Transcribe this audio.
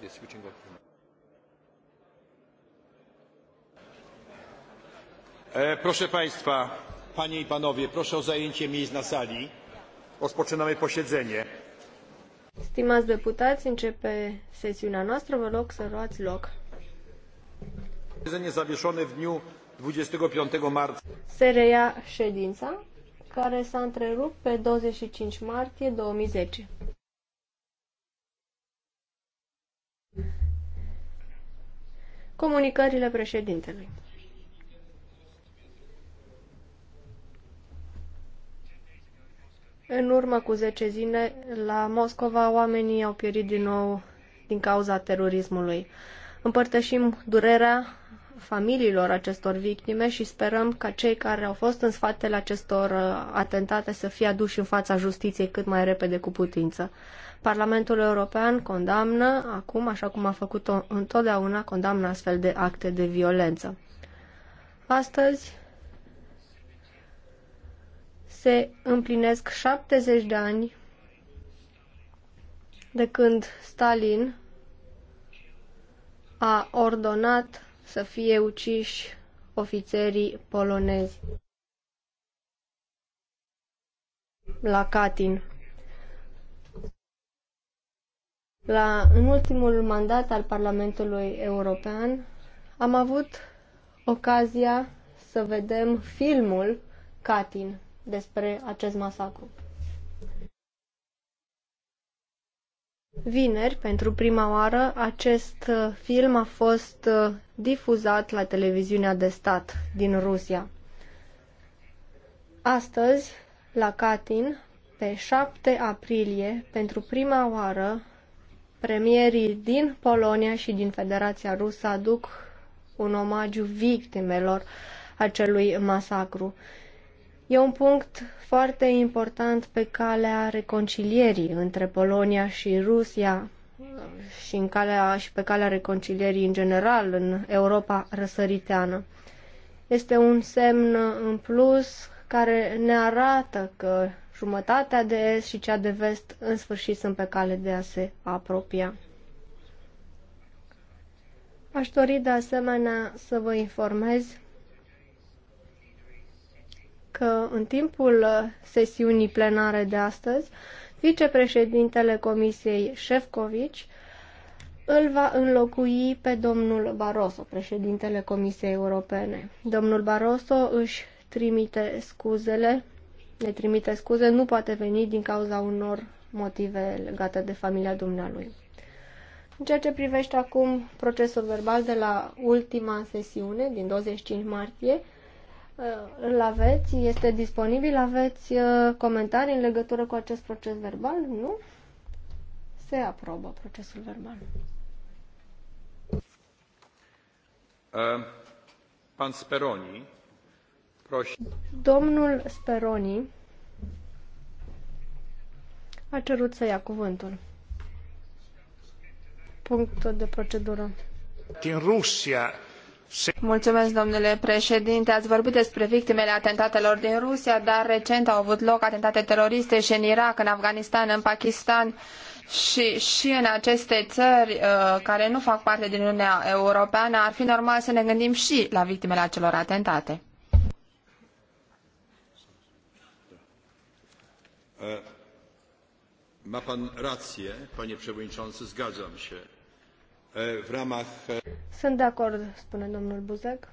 the switching of Proszę Państwa, Panie i Panowie, proszę o zajęcie miejsc na sali. Rozpoczynamy posiedzenie. Stimați deputați, începe sesiunea noastră. Vă rog să luați loc. Posiedzenie zawieszone w dniu 25 marca. Se reia ședința care s-a întrerupt pe 25 martie 2010. Comunicările președintelui. În urmă cu 10 zile, la Moscova, oamenii au pierit din nou din cauza terorismului. Împărtășim durerea familiilor acestor victime și sperăm ca cei care au fost în spatele acestor uh, atentate să fie aduși în fața justiției cât mai repede cu putință. Parlamentul European condamnă acum, așa cum a făcut-o întotdeauna, condamnă astfel de acte de violență. Astăzi se împlinesc 70 de ani de când Stalin a ordonat să fie uciși ofițerii polonezi la Katyn. La, în ultimul mandat al Parlamentului European am avut ocazia să vedem filmul Katyn despre acest masacru. Vineri, pentru prima oară, acest uh, film a fost uh, difuzat la televiziunea de stat din Rusia. Astăzi, la Katyn, pe 7 aprilie, pentru prima oară, premierii din Polonia și din Federația Rusă aduc un omagiu victimelor acelui masacru. E un punct foarte important pe calea reconcilierii între Polonia și Rusia și, în calea, și pe calea reconcilierii în general în Europa răsăriteană. Este un semn în plus care ne arată că jumătatea de est și cea de vest în sfârșit sunt pe cale de a se apropia. Aș dori de asemenea să vă informez că în timpul sesiunii plenare de astăzi Vicepreședintele Comisiei Șefcovici îl va înlocui pe domnul Barroso, președintele Comisiei Europene. Domnul Barroso își trimite scuzele, ne trimite scuze, nu poate veni din cauza unor motive legate de familia dumnealui. În ceea ce privește acum procesul verbal de la ultima sesiune din 25 martie, Uh, îl aveți? Este disponibil? Aveți uh, comentarii în legătură cu acest proces verbal? Nu? Se aprobă procesul verbal. Uh, pan Speroni. Proș... Domnul Speroni a cerut să ia cuvântul. Punct de procedură. Din Rusia Mulțumesc, domnule președinte. Ați vorbit despre victimele atentatelor din Rusia, dar recent au avut loc atentate teroriste și în Irak, în Afganistan, în Pakistan și, și în aceste țări uh, care nu fac parte din Uniunea Europeană. Ar fi normal să ne gândim și la victimele acelor atentate. Uh, ma pan rację, panie zgadzam sunt de acord, spune domnul Buzek.